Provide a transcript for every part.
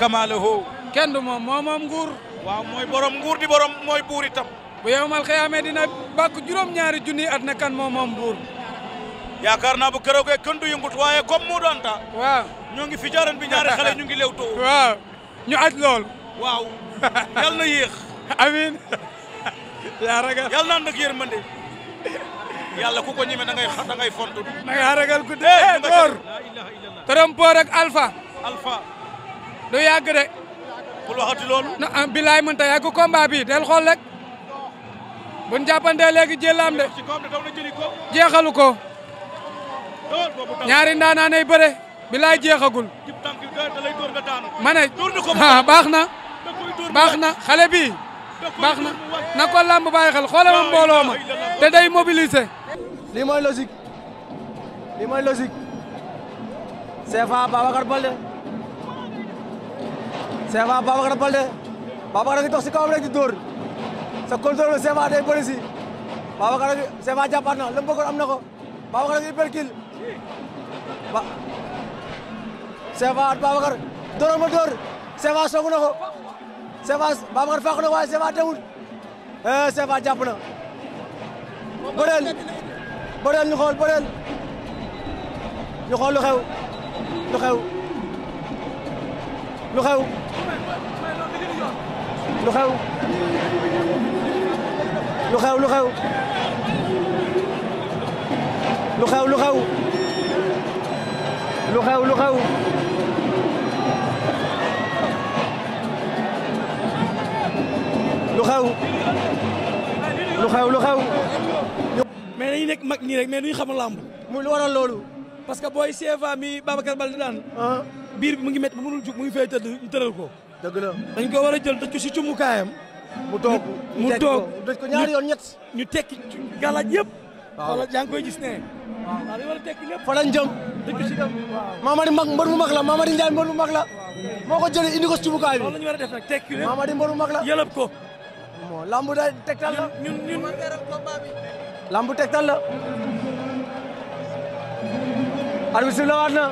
Kamaale hoo kenn du moom moo moom nguur waaw mooy borom nguur di borom mooy buur itam bu yowmal xiyaamee dina bàkk juróom-ñaari junni at ne kan moo buur yaakaar naa bu keroogee kenn du yëngut waaye comme mu doon waaw ñoo ngi fi jaaran bi ñaari xale ñu ngi leew too waaw ñu aj lool yal na yéex amiin yaa ragal yal naan nag yërmande yàlla ku ko ñeme da ngay xa da ngay fontu da ngaa ragal ku dee door trompoor du yàgg de bul waxati loolu ah, bilaay mënta yàgg combat bi del xool rek bu ñu jàppantee léegi jëlaam de jeexalu ko ñaari ndaanaan ay bëre bi laay jeexagul ma ne ah baax na baax na xale bii baax na na ko làmb bàyyi xel xoole ma mbooloo ma te day mobiliser. lii mooy logique lii mooy logique CFA Babacar Balde CFA Babacar Balde Babacar a ngi dox si kawam rek di dóor. sa contrôle Sèvres day bëri si Babacar Sèvres jàppaat na lu mu am na ko Babacar ak hyperkill ba Sèvres at Babacar dóor ma dóor Sèvres soogu na ko Sèvres Babacar fàq na waaye Sèvres teewul eh, Sèvres jàpp na bëreel bëreel xool bëreel ñu xool lu xew lu xew lu xew lu xew lu xew lu xew lu xew lu xew lu xew lu xew lu xew lu ñi rek mais duñu xam làmb muy lu waral loolu parce que booy CFA mi Babacar Bal di daan ah. biir bi mu ngi métti bu mu ngi fee tëdd ñu tëral ko dëgg la dañ ko war a jël tëj ko si cummukaayam mu toog mu toog dëj ko ñaari yoon ñett ñu tekki galaaj yëpp wala yaa ngi koy gis ne a tekki lépp fa lañ jëm dëgg si mag mbër mu mag la Mamady Ndiaye mbër mu mag la moo ko jëlee indi ko si cubukaay bi war a def tekki lépp Mamady mbër mag la yëlëb ko moo lambu day tegtal la ñun ñun lambu tegtal la arbitre si la waat na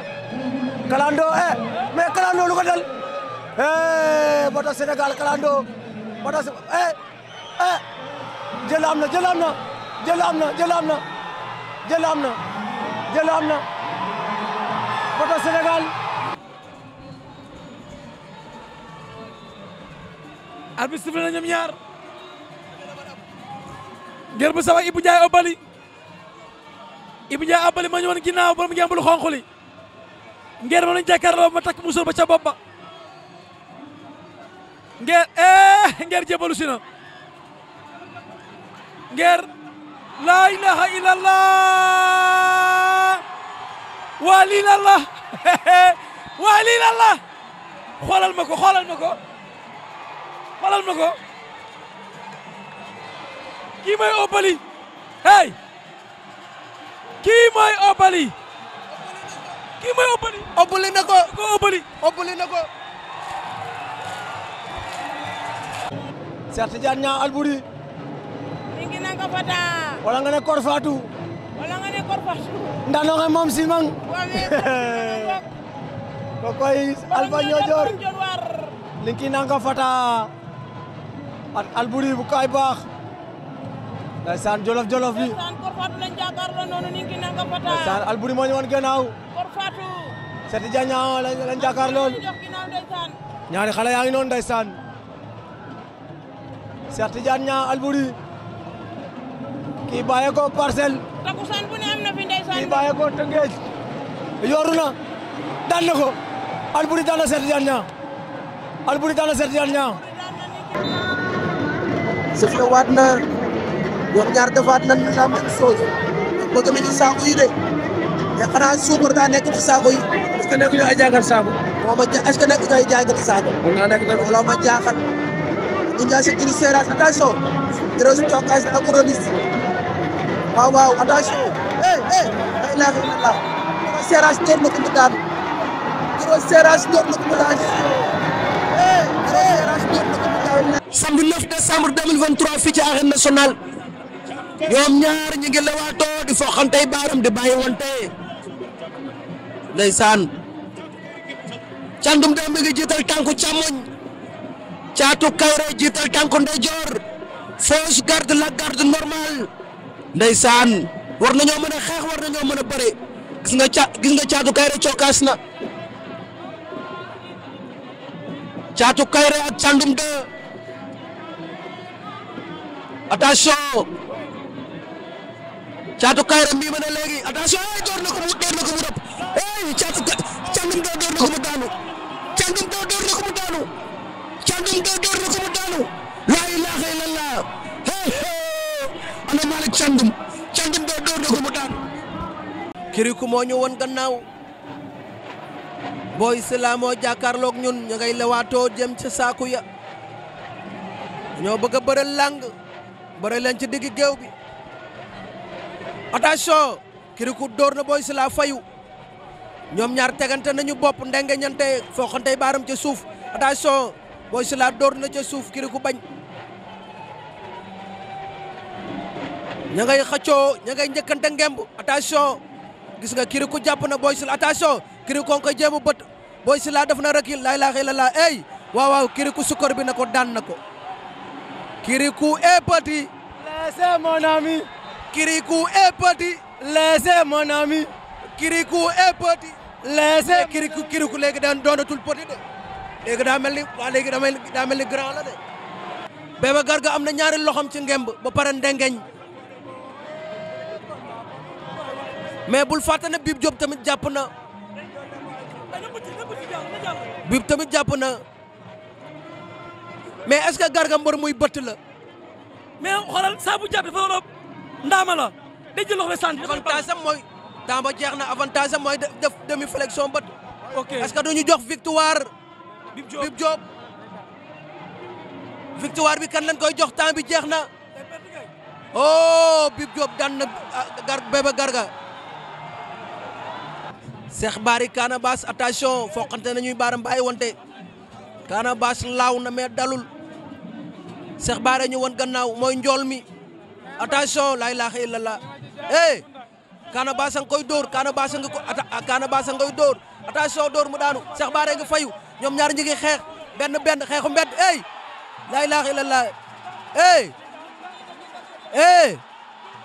kalandoo eh mais kalandoo lu dal eh bato Sénégal kalandoo moo tax eh eh am na jël am na jël am na jël na jël am na jël am na bato Sénégal. arbitre sifflé bu sawa Ibou Ndiaye Obali Ibou Ndiaye Obali ma ñu woon ginnaaw borom ngeen bul xonq li ngir ma nu jàkkaarloo ma takk musul ba ca bopp ngeer eh ngeer jébalu si na ngeer laa ilaha illallah waa xoolal ma ko xoolal ma ko xoolal ma ko kii mooy Obali hey kii mooy Obali kii mooy Obali. Obali na ko Obali Obali na Cheikh Tidiane Niang Albouri ningi nanga fata wala nga ne Kor Fatou wala moom simang ko koy Alpha Niodior ningi nanga fata at Albouri bu kay baax ndeysaan jolof jolof bi ndeysaan Kor Fatou lañ noonu ningi nanga fata ndeysaan Albouri moo ñu woon gannaaw Kor Fatou Cheikh Tidiane Niang lañ ñaari xale yaa ngi noonu ndeysaan Cheikh Tidiane Niang Albouri kii bàyyee ko parcelle. takusaan bu ne am na fi ndeysaan. kii bàyyee ko Tëngéej. yoru na daan na ko Albouri daan na Cheikh Tidiane Niang Albouri daan na Cheikh Tidiane Niang. sëfle waat na ñoom ñaar defaat nañ la même chose bëgg nañu saako yi de te xanaa suukar daa nekk ci saako yi. est-ce que nekk ñu ay jàngal saako. moo ma ja est-ce que nekk ñu ay jàngal saako. mën naa nekk tamit wala ma jaaxal. Irrigation Irrigation attention Dress ak Rôlis waaw waaw attention eh eh ay laa fi la Gros Serras door na fii ci arène nationale ñoom ñaar ñi ngi lewaatoo di foxantey baaram di bàyyi wante candum dem bi ngi jiital tànku caatu kawre jiital tànku ndeyjoor fausse garde la garde normale ndeysaan war nañoo mën a xeex war nañoo mën a bëre gis nga ca gis nga caatu kayre cokkaas na caatu kayre ak candum de attention caatu kayre mbii ma ne léegi attention door na ko daanu Serigne Gueye ko mu daanu laa ilaaha illallah hey hey ana Malick Thiandoum Thiandoum Gueye door na ko mu daanu. Kirikou moo ñu woon gannaaw Boy Sila moo jàkkaarloog ñun ñu ngay lewaatoo jëm ca saaku ya ñoo bëgg a bëral làng bëral leen ci digg géew bi attention Kirikou door na Boy Sila fayu ñoom ñaar tegante nañu bopp ndenge ñante foo xantey baaram ca suuf attention Boy Sila door na ca suuf Kirikou bañ ña ngay xëccoo ña ngay njëkkante ngemb attention gis nga Kirikou jàpp na Boy Sila attention Kirikou nga koy jéem a bët Boy Sila def na rekil laa ilaaha illallaah ey waaw waaw Kirikou sukkar bi na ko daan na ko Kirikou est petit. laissez mon ami. Kirikou est petit. laissez daan doonatul petit léegi daa mel ni waa léegi damay daa mel ni grand la de. Bébé Garga am na ñaari loxom ci ngemb ba pare ndengeñ mais bul fàtte ne Bib Diop tamit jàpp na Bib tamit jàpp na mais est-ce que Garga mbër muy bëtt la. mais xoolal saa bu jàpp dafa war a ndaama loxo bi sant. avantage sam mooy ba jeex na avantage sam mooy def demi flexion bët. ok est-ce que duñu jox victoire. Bib Diop victoire bi kan lañ koy jox temps bi jeex na oh Bib Diop daan na ah, gar Bébé Garga Cheikh Bari Kana Bass attention wante Kana Bass laaw na mais dalul Cheikh Bari ñu won gannaaw mooy njool mi attention la ilaha illallah eh Kana koy dóor Kana Bass a ngi ko Kana Bass a ngi koy dóor attention dóor mu daanu Cheikh Bari a fayu ñoom ñaar ñu ngi xeex benn benn xeexu mbedd ey laa ilaaha illallah ey ey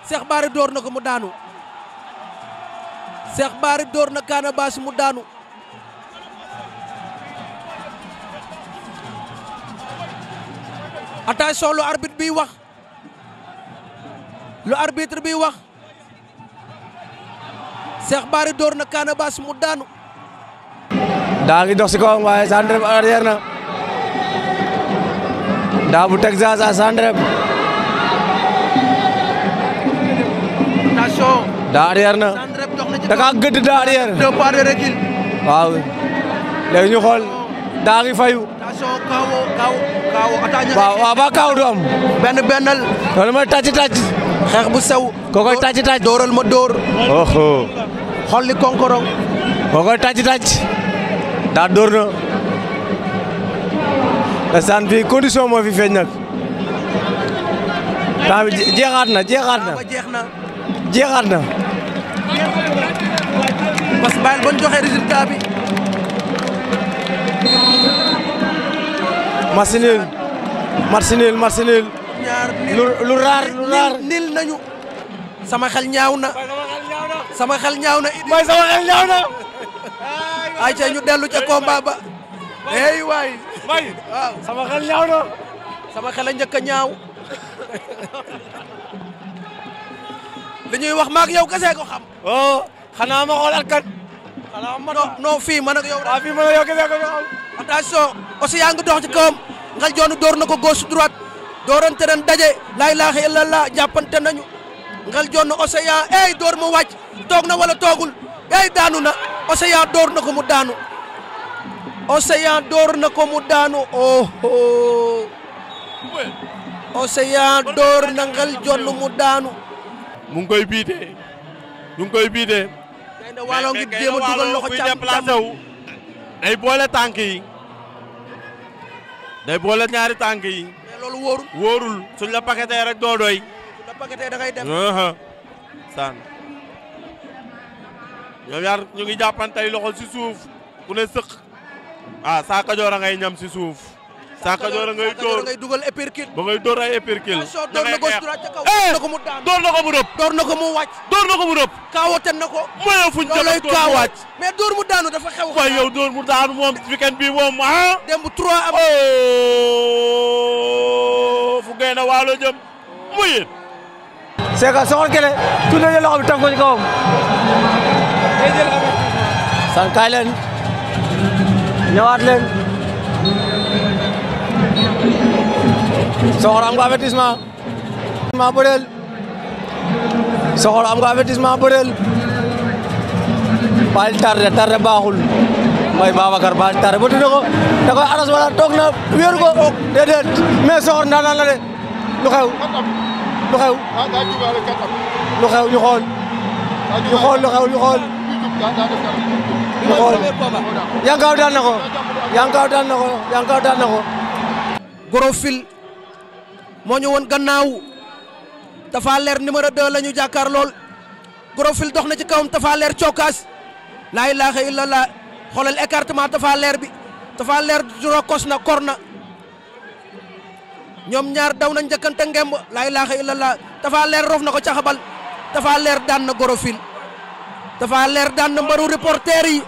Cheikh Barre door na ko mu daanu Cheikh Barre door na Kana Bass mu daanu attention lu arbitre bi wax lu arbitre bi wax Cheikh Barre door na Kana Bass mu daanu daa ngi dox kawam waaye Sandrep arrière na daa bu Texas à Sandrep daa arrière na da kaa gëdd daa arrière waaw léegi ñu xool daa fayu waaw waaw ba kaaw du am benn bennal mooy tàcc tàcc xeex bu sew koo koy tàcc tàcc dóoral ma dóor oho konkorong koo koy tàcc tàcc daa dóor na ndeysaan fii condition moo fi feeñ nag jeexaat na jeexaat na jeexaat na. parce que bàyyil ba ñu joxe résultat bi. marsinil lu raar nil nañu. sama xel ñaaw na. sama xel ñaaw na. mooy sama xel ñaaw na. ayca ñu dellu ca combat ba. hey waay may waaw sama xel ñaaw na. sama xel a njëkk a ñaaw. li wax maak yow kese ko xam. oh xanaa ma xool ak kan. xanaa ma non non fii man ak yow. waaw ah, fii man ak yow kese ko xam. attention aussi yaa ngi dox kawam nga joonu door na ko gauche droite doorante ren daje laa ilaaha illallah jàppante nañu ngal jonn océan ey door mu wàcc toog na wala toogul yaay daanu na Océan door na ko mu daanu Océan door na ko mu daanu oho Océan door na ngel jonn mu daanu mu koy bii mu ngi koy bii gaynde waalo ngi jéem a dugal loxo càmm càmm day boole tànk yi day boole ñaari tànk yi mais loolu wóorul wóorul la paquetee rek doo doy ñoom ñaar ñu ngi jàppantey loxo si suuf ku ne sëq ah a ngay si suuf. Saaka Joor a ngay door ngay dugal épérkil. ba na ko mu rëpp. door na ko mu wàcc. ko mu rëpp. kaawote na dafa xew. waaw yow door mu daanu moom weekend bi moom ah. démb 3 am. Oh! fu gën a waalo jëm muy. c'est que soxor bi tànku ci kawam. sànqaay leen ñëwaat leen soxor am nga avertissement ma bëreel soxor am nga avertissement bëreel bal tarde tarde baaxul mooy Babacar bal tarde ba tudde ko da koy aras wala toog na wéeru ko déedéet mais soxor ndaanaan lu xew lu xew lu xew ñu xool lu xew ñu xool mu xool Yankaw daan ko Yankaw daan ko Yankaw moo ñu woon gannaaw Tapha Leer numéro 2 la ñu jàkkaar lool Goro dox na ci kawam Tapha Leer cokkaas laa ilaaha illallah xoolal écartement Tapha Leer bi Tapha Leer rokos na kor na ñoom ñaar daw na njëkkante ngemb laa ilaaha illallah Tapha Leer rof na ko ca caxabal Tapha Leer daan na Goro dafa leer daan na mbaru reporter yi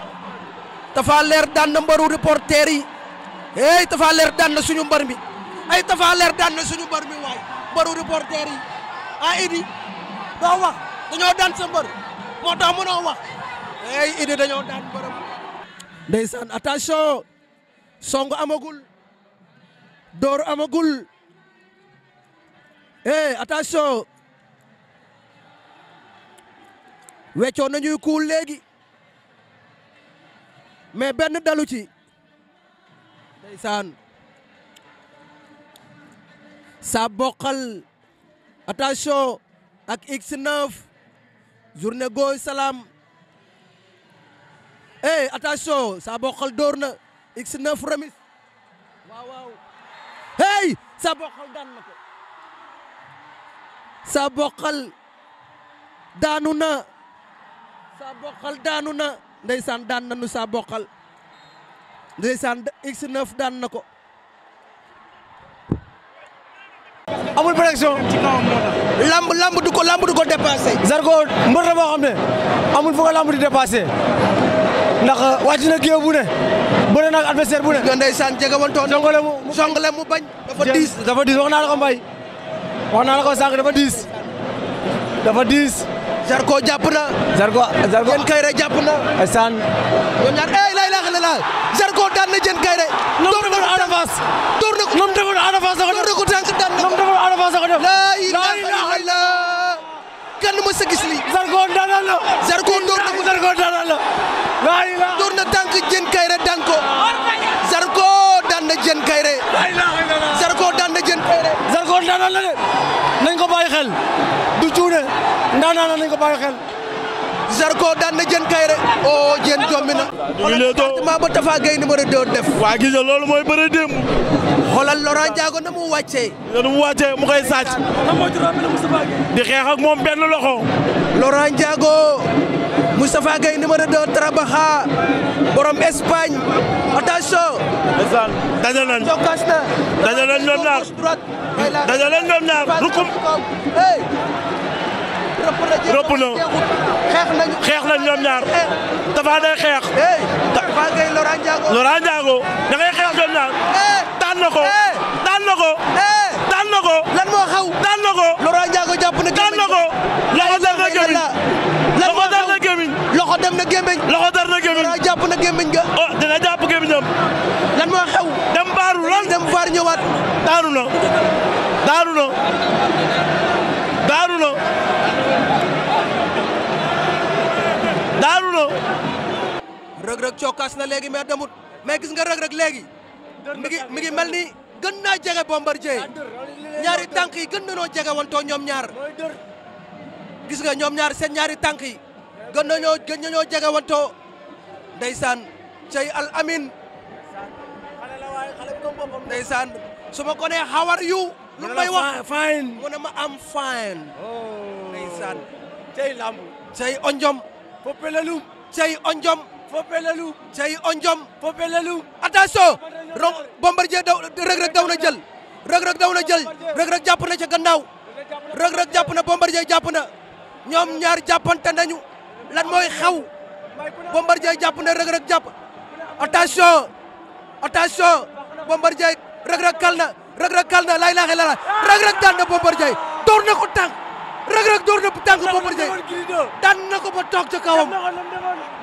dafa leer daan na mbaru reporter yi hey dafa leer daan na suñu mbar mi ay dafa leer daan na suñu mbar mi waay mbaru reporter yi a ah, Idi doo wax dañoo daan sa mbar moo tax mënoo wax hey Idi dañoo daan mbaram. ndeysaan attention song amagul door amagul hey attention. weccoon nañuy kuul léegi mais benn dalu ci ndeysaan sa boqal attention ak X9 journée gooy salaam eh attention sa boqal dóor X9 remis waaw waaw hey sa saa boqal daanu na ndeysaan daan nañu saa boqal ndeysaan X9 daan na ko. amul protection lamb lamb du ko lamb du ko dépassé. Zarko mbër xam ne amul fu ko lamb di dépassé ndax wàcc na kii bu ne bëre adversaire bu ne. nga ndeysaan jege woon toon songale mu songale mu bañ. dafa diis dafa diis wax naa la ko mbay wax naa la ko dafa diis dafa diis. Zarko jàpp na. Zarko Zarko jàpp na. Assane. ñoom ñaar eh la sa gis lii. Zarko daan na la. Zarko door na ko Zarko daan na la. laa Zarko daan na Diène ndaanaan la de ko bàyyi xel du cuune ndaanaan la nañ ko bàyyi xel. Zarko daan na Diène Kaïré oh Diène jommi na. ñu ngi ba Tafa Gueye numéro 2 def. waa gis nga loolu mooy bëre démb. xoolal Laurent Ndiago na mu wàccee. na mu wàccee mu koy sàcc. di xeex ak moom benn loxo. Laurent Ndiago. Moustapha Gueye numéro 2 a borom Espagne attention. ndeysaan dajal nañ jokkas na. dajal nañ ñoom ñaar dajal nañ ñoom ñaar rukum. rëpp na xeex nañ xeex nañ ñoom ñaar. dafa day xeex. Tapha Gueye Laurent Ndiago Laurent Ndiago da ngay xeex ñoom ñaar. daan na ko daan na ko. daan na ko. lan moo xaw daan na ko. Laurent Ndiago jàpp na daan na ko. loxo daan na jëriñ loxo loxo dem na gémmiñ. loxo dar na gémmiñ. dina jàpp na gémmiñ ga. oh dina jàpp gémmiñam. lan moo xew. dem baaru lan dem baar ñëwaat. daanu na daanu na daanu na daanu na. rëg-rëg cokkaas na léegi mais demut mais gis nga rëg-rëg léegi. mi ngi mel ni gën naa jege Bombardier ñaari tànk yi gën na noo jege wantoo ñoom ñaar gis nga ñoom ñaar seen ñaari tànk yi. gën nañoo gën nañoo jege wantoo ndeysaan cey al amin ndeysaan su ma ko nee how are you lu may wax fine mu ne ma cey lamb cey onjom foppe lelum cey onjom foppe lelum cey onjom foppe daw Reug Reug daw na jël Reug Reug daw na jël jàpp na ca gannaaw Reug Reug jàpp na bombardier jàpp na ñoom ñaar jàppante nañu lan mooy xew Bombardier jàpp na Reug Reug jàpp attention attention Bombardier Reug Reug kal na Reug Reug kal na lay laaxe lala Reug Reug daan na Bombardier door na ko tànk Reug Reug door na tànk ko ba toog ci kawam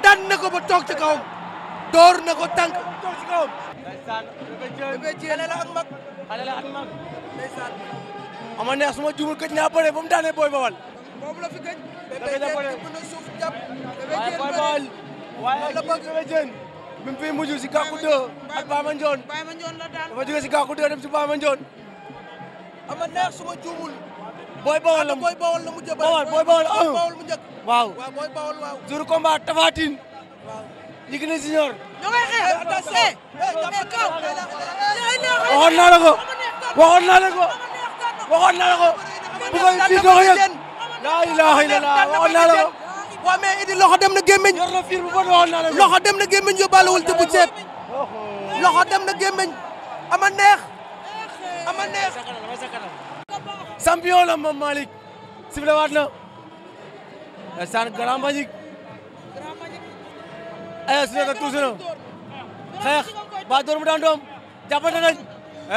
daan na ko ba toog ci kawam door na ko tànk moom la fi gëj. Bébé waaye Boy Baol waaye la daan dafa jóge si Gakou 2 dem si Baama Ndione. ama neex suma juumul. Boy Baol la Boy Baol la mu jëbal Baol Boy Baol un mu njëkk. waaw waaw Boy Baol waaw. jour combat Tapha Tine. waaw Yékini Junior. ñoo ngi xeex attaché. waxoon naa la ko waxoon naa laa ilaaha illallaah waxoon naa la waaw mais Idi loxo dem na gémmiñ. loxo dem na gémmiñ yóbbaalewul jëbu ceeb. loxo dem na gémmiñ ama neex ama neex. champion la moom Malick. waat na. saan grand Mbagnick. aywa eh, su nekk na xeex ba door mu daan doom jàppante nañ.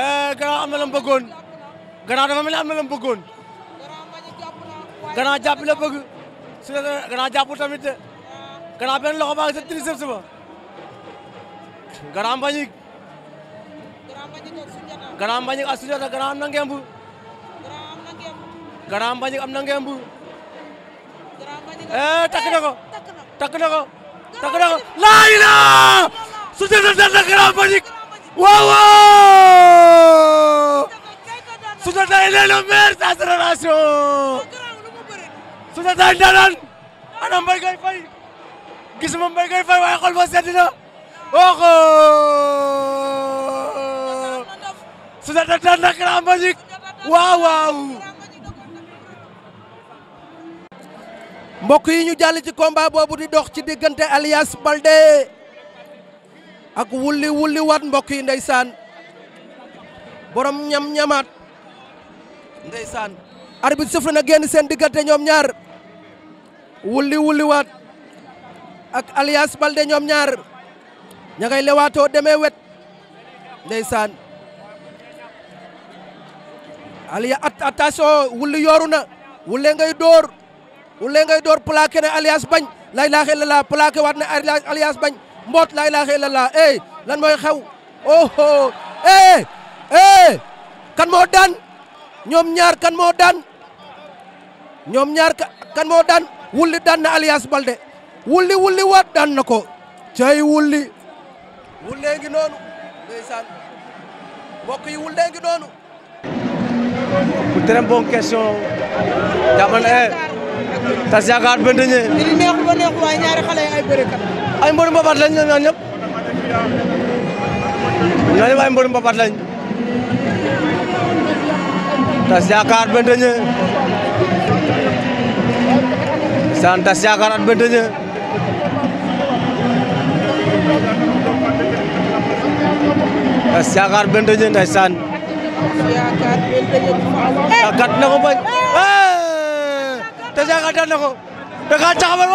Eh, grand am na la mu bëggoon. grand dafa mel am na la mu bëggoon. Grand jàpp la bëgg su la Grand jàpp tamit Grand benn loxo baa ngi sa triceps ba Grand Mbagnick Grand Mbagnick ak Soundiata am na ngemb Grand am na ngemb eh takk ko takk ko takk ko laa ilaa Soundiata daan na Grand Mbagnick waaw waaw Soundiata il Fouta Tall daanaan ana Mbaye Gueye Faye gisuma Mbaye Gueye Faye waaye xol ba sedd na oxo Fouta Tall daan na Grand waaw waaw mbokk yi ñu jàll ci combat boobu di dox ci diggante Alias Baldé ak wulli wulli waat mbokk yi ndeysaan borom ñam ñamaat ndeysaan arbitre sëf na génn seen diggante ñoom ñaar wulli wulli waat ak Alliance Baldé ñoom ñaar ña ngay lewaatoo demee wet ndeysaan aliya attention wulli yooru na wulle ngay door wulle ngay door plaqué na Alliance bañ lay laaxe la laa plaqué waat na Alliance bañ mboot lay laaxe la laa eh, lan mooy xew oho eh eh kan moo daan ñoom ñaar kan moo daan ñoom ñaar kan moo daan wulli daan na Alliance wulli wulli waat daan na ko cay wulli wullee ngi noonu ndeysaan mbokk yi wullee ngi noonu bu très bonne question jaman e eh. tas yaakaar ba ndëñee li neexul ba neexul waaye ñaari xale ay bërekat ay mbëru mbabat lañ ñoom ay mbëru mbabat lañ tas yaakaar ba saan tas yaakaar at ba dëñë tas yaakaar ba dëñë ndeysaan kat na ko bañ tas yaakaar na ko da kaa caxabal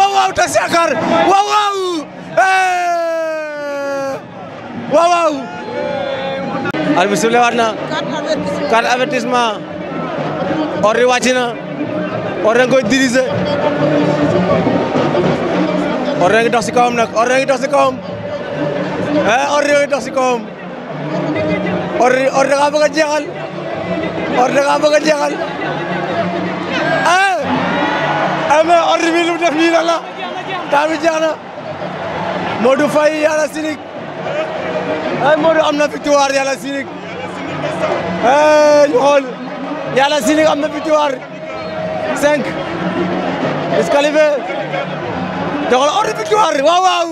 na Orné nga koy diriger Orné nga dox si kawam nag Orné nga dox si kawam ah eh, Orné nga dox si kawam Orné Orné nga bëgg a jeexal Orné nga bëgg a jeexal ah amee Orné bi lu def nii lan la temps bi jeex na Modou Faye yàlla sinik ay eh, Modou am na victoire yàlla sinik eh, cinq disqualifié joxal ordre victoire waaw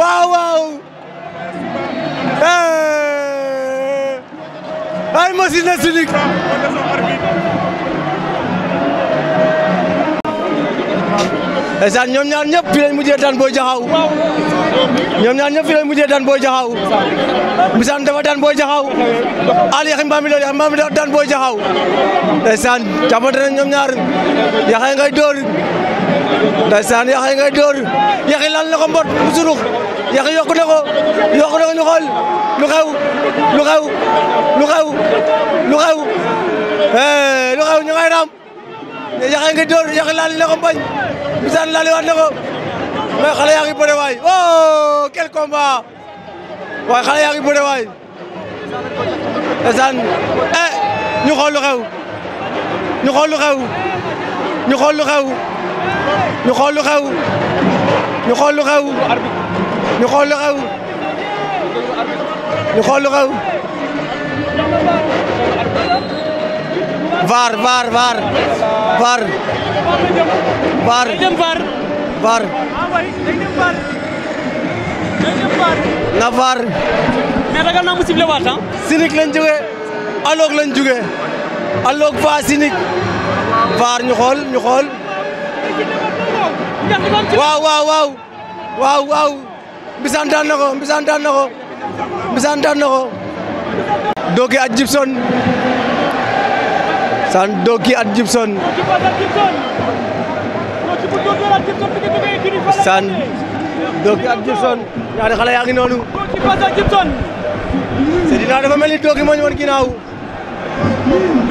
waaw waaw waaw eh. ay ndeysaan ñoom ñaar ñëpp fi lañ mujjee daan booy jaxaw ñoom ñaar ñëpp fi lañ mujjee daan booy jaxaw bisaan dafa daan booy jaxaw la Yaxin Mbambi dafa daan booy jaxaw ndeysaan jàppante nañ ñoom ñaar Yaxin ngay dóor ndeysaan Yaxin ngay dóor Yaxin lan la ko mbot bu sunux ko yokku na ko ñu xool lu xew lu ñu ngay raam te yaxe nga door yaxe laal na ko bañ Misaan laal waat na ko mais xale yaa ngi bëre waay oh quel combat waaye xale yaa ngi bëre waay ndeysaan eh ñu xool lu xew ñu xool lu xew ñu xool lu xew ñu xool lu xew ñu xool lu xool lu xew var var var var var na var mais ragal naa mu ciblé waat ah sinik lañ jóge aloog lañ jóge aloog xool ñu waaw waaw waaw waaw waaw mbisaan ko mbisaan daan na ko mbisaan daan na ko Saan Doki at Gibson Saan Doki at Gibson ñaari xale yaa ngi noonu Seydina dafa mel ni Doki moo ñu woon ginnaaw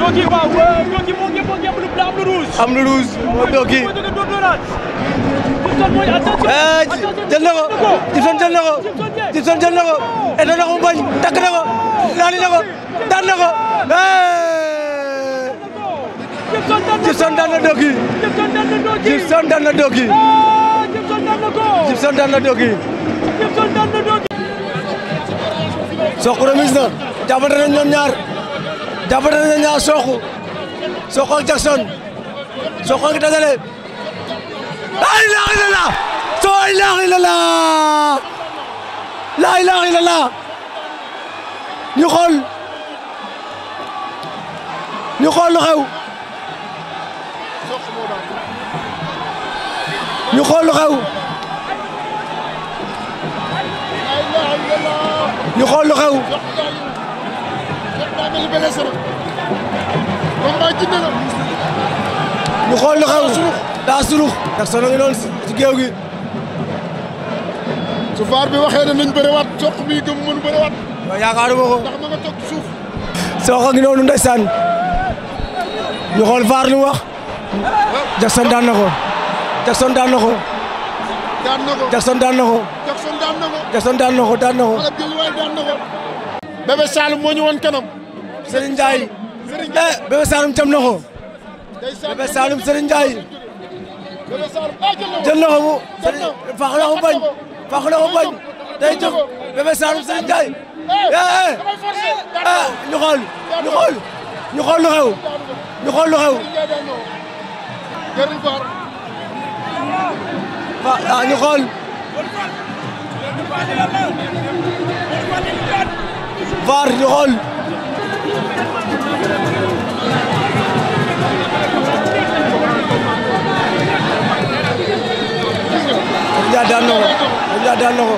Doki waaw Doki moo ngi bëgg lu blanc am lu rouge am lu rouge moo Doki jël na ko Gibson jël na ko Gibson jël na ko eto na ko bañ takk na ko laali na ko daan na ko Jibson daan na Doki Jibson daan na Doki Jibson daan na Doki Sokh remise na jàppante nañ ñoom ñaar jàppante nañ ñaar Sokh Sokh ak ñu xool ñu ñu xool lu xew ñu xool lu xew ñu xool lu xew daa surux ndax noonu ci géew gi su faar bi waxee ne nañ bëriwaat coq bi gëm mënu bëriwaat waaw yaakaaruma ko ndax noonu ndeysaan ñu xool faar lu wax Jackson daan na Jackson daan na ko. daan na ko daan na daan na ko. Jackson daan na ko daan na ko. Bébé Saloum moo ñu woon kanam. Serigne Ndiaye. Serigne Ndiaye eh Bébé Saloum tam na ko. Bébé Saloum Serigne bañ. faax na ko bañ day jóg Bébé Saloum Serigne Ndiaye. eh eh ñu xool ñu xool ñu xool xew ñu xool xew. ah ñu xool. VAR ñu xool. Dia daan na ko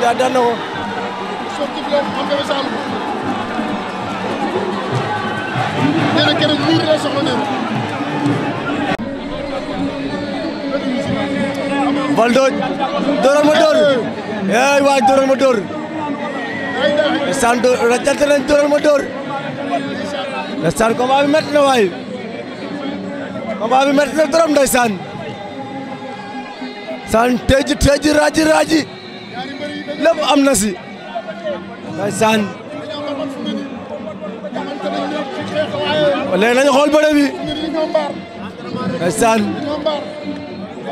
Dia daan Paul Dodj dóoral ma dóor ey waay dóoral ma dóor ndeysaan rajante nañ dóoral ma dóor ndeysaan combat bi métti na waay combat bi métti na trop ndeysaan saan teji teji raji raji lépp am na si ndeysaan léegi nañu xool bëre bi ndeysaan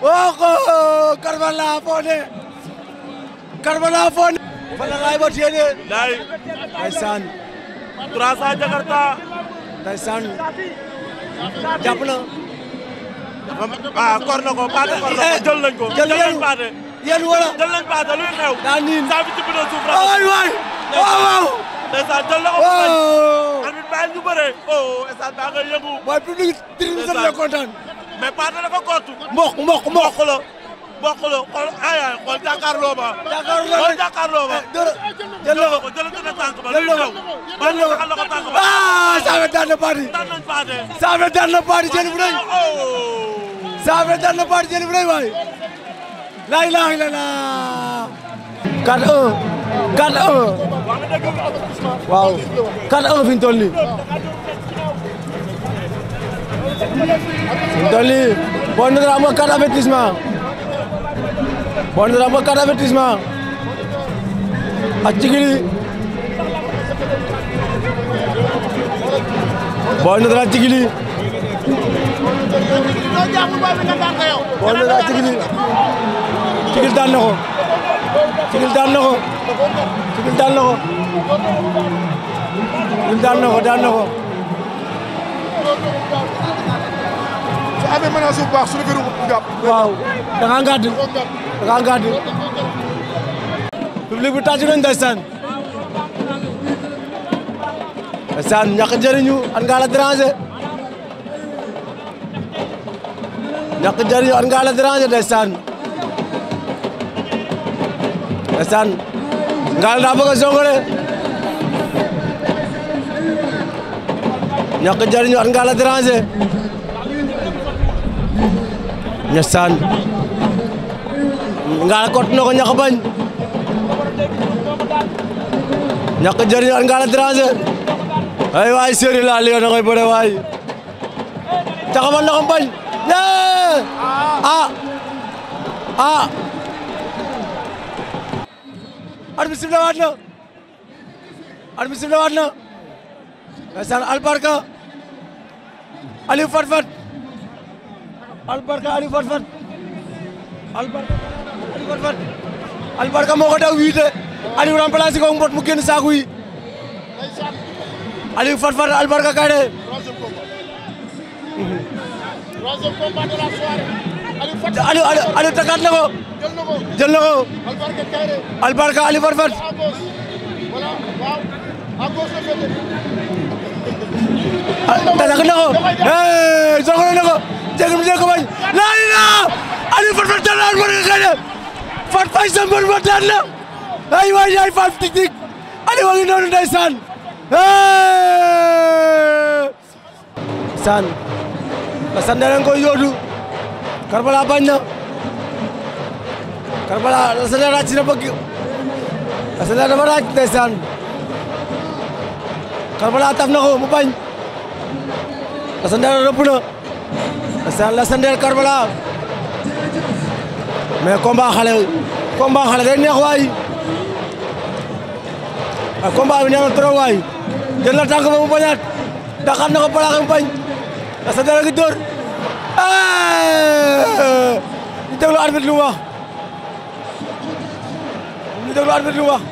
Oho! Karbala Fone! Karbala ah, ko, paate kor na ko, eh, jël nañ ko. Jël nañ paate. Saa bi tibb na suuf. Waay waay. Waaw waaw. Ndeysaan mais Pathé dafa kottu. mboq mboq mboq la. mboq la xool aywa xool jàkkaarloo ba. jàkkaarloo xool jàkkaarloo ba. Eh, jël na ko jël na ko jël na tànk ba. jël ah, na ko laa ilaaha illallaah. 4-1. 4-1. waaw 4-1 fi ñu toll dolli Boy Ndongo am nga carte avertissement Boy Ndongo am nga carte avertissement ak Tigili Boy Ndongo ak Tigili Boy Ndongo ak Tigili Tigili daan na ko Tigili daan na ko Tigili daan na ko Tigili daan na ko daan na ko amee menace bu baax su defee ruuxu jàpp. waaw da ngaa gàdd. da ngaa gàdd. public bi tàcc nañ ndeysaan. ndeysaan ñàkk jëriñu an ngaa la déranger. ñàkk jëriñu an ngaa la déranger ñasaan ngaala kott na ko ñax bañ ñax jëriñ an ngaala dérangé ay waay séeri laa liyo na koy bëre waay taxawal bañ ah ah arbi sif la na ñasaan albarka Aliou Fat albarka Aliou Fat Fat albarka Aliou Fat Fat albarka moo ko daw wiite mbot mu génn saaku yi Aliou Fat Fat albarka Kayre troisième combat de la soirée Aliou Aliou takkaat na ko jël na ko albarka Aliou Fat Fat takk na ko dégg nga bañ laa ilaa Aliou Fat Fat daan naan war nga gagné ma daan na ay waay yaay Fat Tik Tik Aliou a ngi noonu saan ba saan danañ koy yóodu Karbala bañ na Karbala Lassana ràcc na bëgg Lassana dafa ràcc ndeysaan Karbala taf na ko bañ Lassana rëpp na Assane la Sandel Karbala mais combat xale combat xale day neex waay ah combat bi neex na trop waay jël na tànk ba mu bañaat daxaat na ko palaax mu bañ la Sandel a ngi dóor ñu déglu arbitre lu mu wax ñu déglu arbitre lu mu wax ñu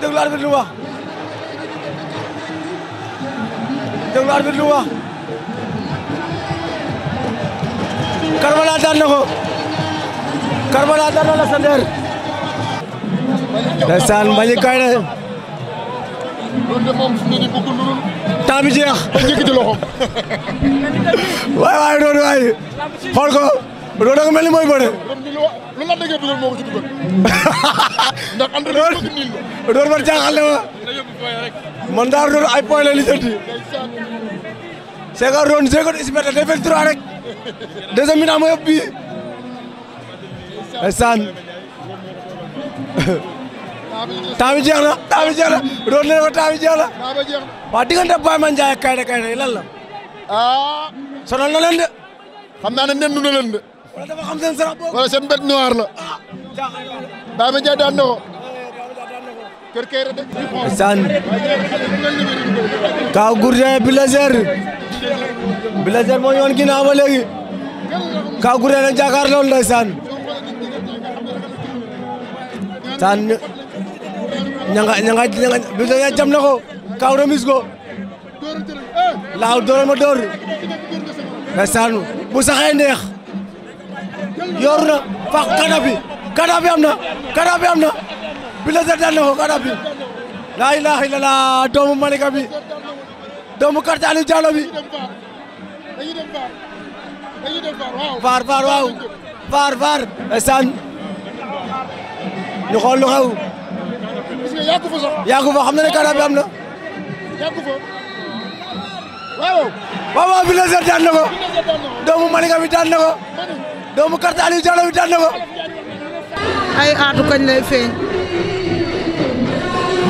déglu arbitre lu mu wax ñu déglu arbitre lu mu wax Karbala daan na ko Karbala na Lastander ndeysaan Mbagnick Kaïré temps bi jeex yëkkati loxo waay waay ko doo da nga mel ni mooy bëre lu jaaxal ne ma man ay point la li jëndi Senghor doon Senghor Ismaïla day fekk 3 rek deuxième mi-temps ma yëpp bii ndeysaan temps bi jeex na temps bi jeex na doon na ko temps bi jeex na waaw diggante Baye lan la. ah. de. xam naa ne nendu na leen de. wala dafa xam seen sarax la. ah jaaxal na. Baye san Kaw Gourdin Bulldozer Bulldozer moo ñu woon ginnaaw ba Kaw Gourdin na jàkkaar lool ndeysaan san ñanga ñanga ñanga Bulldozer jam na Kaw remis ko laaw dooral ma door bu saxee neex yor na fax kana bi am na kana am na Bulldozer daan na ko garab bi laa ilaaha doomu Malika doomu quartier Aliou Diallo bi vaar vaar waaw vaar ñu xool lu xew yaa am na waaw waaw Bulldozer daan na doomu Malika bi daan doomu quartier Aliou Diallo bi ay aatu kañ lay feeñ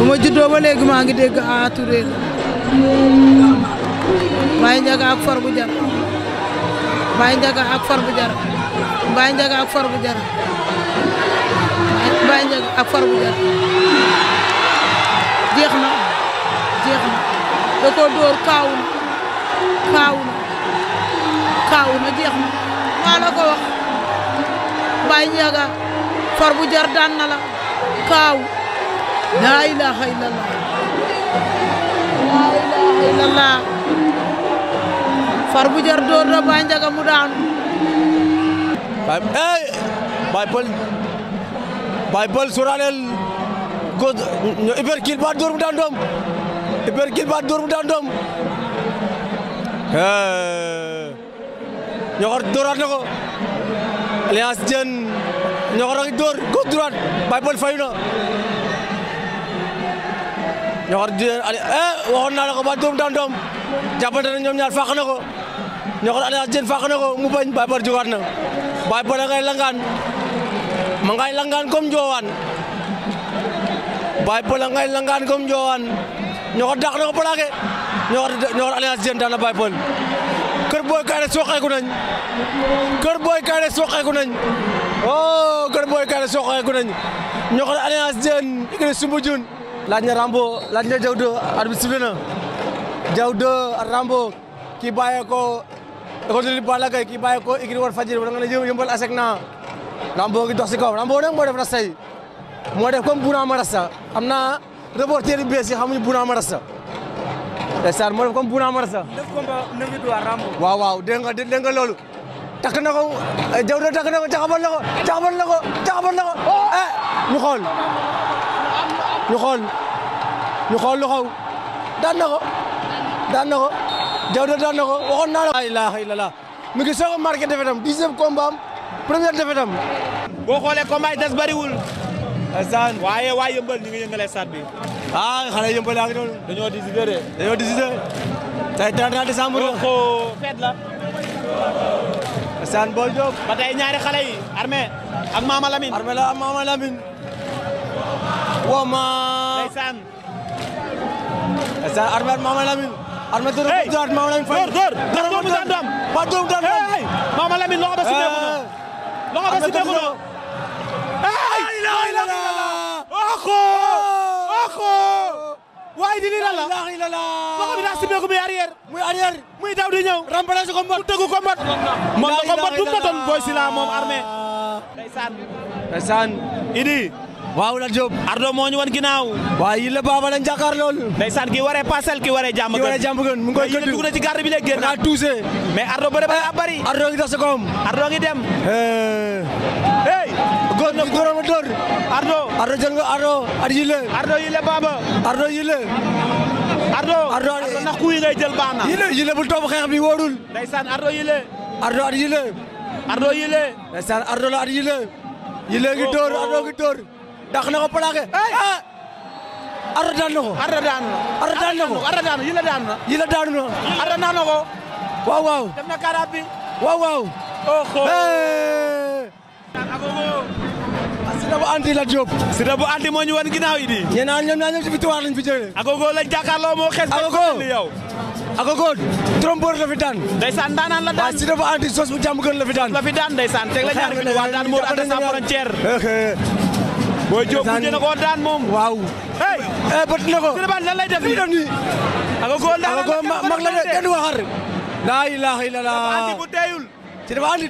ma juddoo ba maa ngi dégg A Touré Baye Ndiaga ak Farba Diarra Baye Ndiaga ak Farba Diarra Baye Ndiaga ak Farba Diarra Baye Ndiaga ak Farba Diarra jeex na jeex na da koo dóor na kaawu na kaawu na maa la ko wax Baye Ndiaga Farba Diarra daan na la kaaw laa ilaaha illallah laa ilaaha illallah far bu jar door la Baye mu daanu ay Baye Peul Baye Peul suralel ko mu daan doom Hypercule ba door mu daan doom ñoxor dooraat na ko Alliance Diène ñoxor ak door ko dooraat Baye Peul fayu na ñoxor di leen ali eh la ko ba doom daan doom jàppante na ñoom ñaar fàq na ko ñoxor alias jën fàq mu bañ Baye Bara jógaat na Baye Bara ngay langaan ma langaan comme njoowaan Baye Bara ngay langaan comme njoowaan ñoxor dàq na ko plaqué ñoxor ñoxor alias jën daan na Baye Bara kër booy kaare soqeeku nañ kër booy kaare soqeeku nañ oh booy kaare soqeeku nañ ñoxor alias jën ikri sumbu jun laaj na Rambo laaj na Diaw 2 arbitre sifflé na Diaw 2 ak Rambo kii bàyyee ko war fajir wala nga ne asek na Rambo gi dox si kaw Rambo nag moo def rasta yi moo def comme Bouna Marassa xam naa reporter yu bees yi xamuñu Bouna Marassa ndeysaan moo def comme Bouna Marassa. def combat 9 victoire Rambo. waaw loolu. takk na ko eh, Diawda takk na ko taxabal na ko taxabal na eh, xool ñu xool xool lu xaw daan na ko daan na ko Diawda daan na ko waxoon naa mi ngi soog a marqué defee tam première defee boo xoolee combat yi des bariwul. saan waaye waa yëmbal ñu ah, de. dañoo décidé. tey 31 décembre. fête Sane Boy Diop. ñaari xale yi ak Mama Lamine. Armé la ak Mama Lamine. woo ma. ndeysaan. ak Mama Lamine. Armé dóor a dóor Mama Lamine fay. dóor dóor dóor dóor daan doom. ba dóor daan doom. Mama ay la la la. waaye di lii lan bi daa muy arrière muy arrière muy daw di ñëw remplacé ko mbot mu tëggu ko mbot moom la ko mbot du mbotoon Boy waaw la Diop Ardo moo wan ginnaaw waaw yi la baaba lañ jàkkaar lool ndeysaan ki waree parcelle ki waree jàmm ki waree jàmm gën mu ngi koy dugg ci garde bi léegi génn tuuse mais Ardo bëre ba bari Ardo ngi tax Ardo ngi dem hey góor na góor ma dóor Ardo Ardo jël Ardo Ardo Ardo Ardo Ardo ndax kuy ngay yi la yi la bul topp xeex bi wóorul ndeysaan Ardo yi Ardo at Ardo yi Ardo la at dàq na ko plaqué. Ah! arda na ko. arda yi la daan na. yi la daan na. arda na ko. waaw waaw. dem na kàddaa bi. anti la Diop. Siteu bu anti moo ñu wan ginnaaw yi di. ñenn ñoom ñoo ñëw ci victoire lañ fi jëlee. Agogo lañ jàkkaarloo moo xes. Agogo yow. Agogo trompeur la fi daan. ndeysaan daanaan la daan. waaw Siteu bu anti sos bu jàmm la fi daan. la fi daan ndeysaan teg la ñaar bi waa daan moo booy Diop mujj na koo daan moom. waaw. hey eh, bët na ko. Siré Bane lan lay def mag la de kenn waxar. laa ilaaha illallah. Siré Bane andi bu teeyul. Siré Bane andi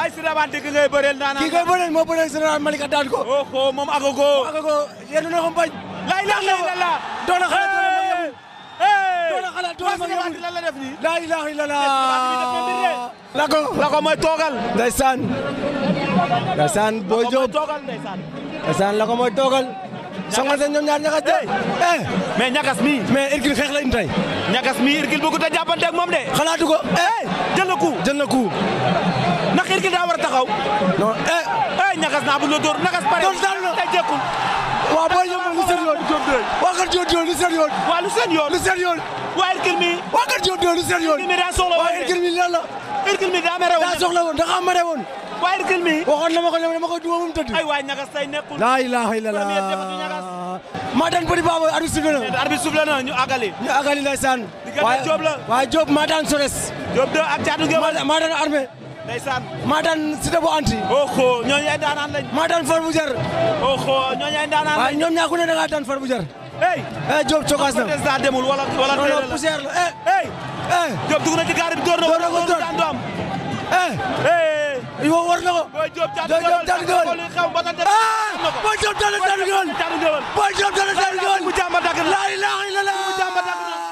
ay Siré Bane dëgg ngay bëreel naan. kii ngay bëreel moo bëreel Siré Bane Malika daan ko. moom ak góor. ak góor yéen a bañ. laa ilaaha illallah. doon na xalaat doon na xalaat doon na xalaat lan esaan la ko mooy toogal. soxna seen ñoom ñaar ñakas de. mais ñakas mi mais Hercule xeex la indi tey. ñakas mi Hercule bëggut a jàppante ak moom de. xalaatu ko. jël na coup jël daa war a taxaw. non eh. ñakas naa bu la dóor ñakas pare. doon daal la tey jékkul. waaw booy yëngu lu seen yoon. waa kat Diop Diop lu seen yoon. waa lu seen lu seen waa Hercule mi. waa kat Diop Diop lu seen waa Hercule mi la. daa mere woon. daa soxla woon dafa mere woon. waaye di kilmi waxoon na ma ko dama ko duma mu tëdd ay waay maa daan petit baba arbitre soufflé na arbitre soufflé na ak caatu ngeen maa daan armée ndeysaan maa daan Cité bu anti oho ñooñu ay waaye ñoom ñaa ku ne da ngaa daan far eh, cokaas na demul wala wala non poussière la eh, hey hey eh. Diop na ci gaar bi yow war na ko. booy Diop jaadu ngewal ah! booy Diop jaadu ngewal. booy Diop jaadu ngewal. booy Diop jaadu ngewal. laa ilaaha illallaah.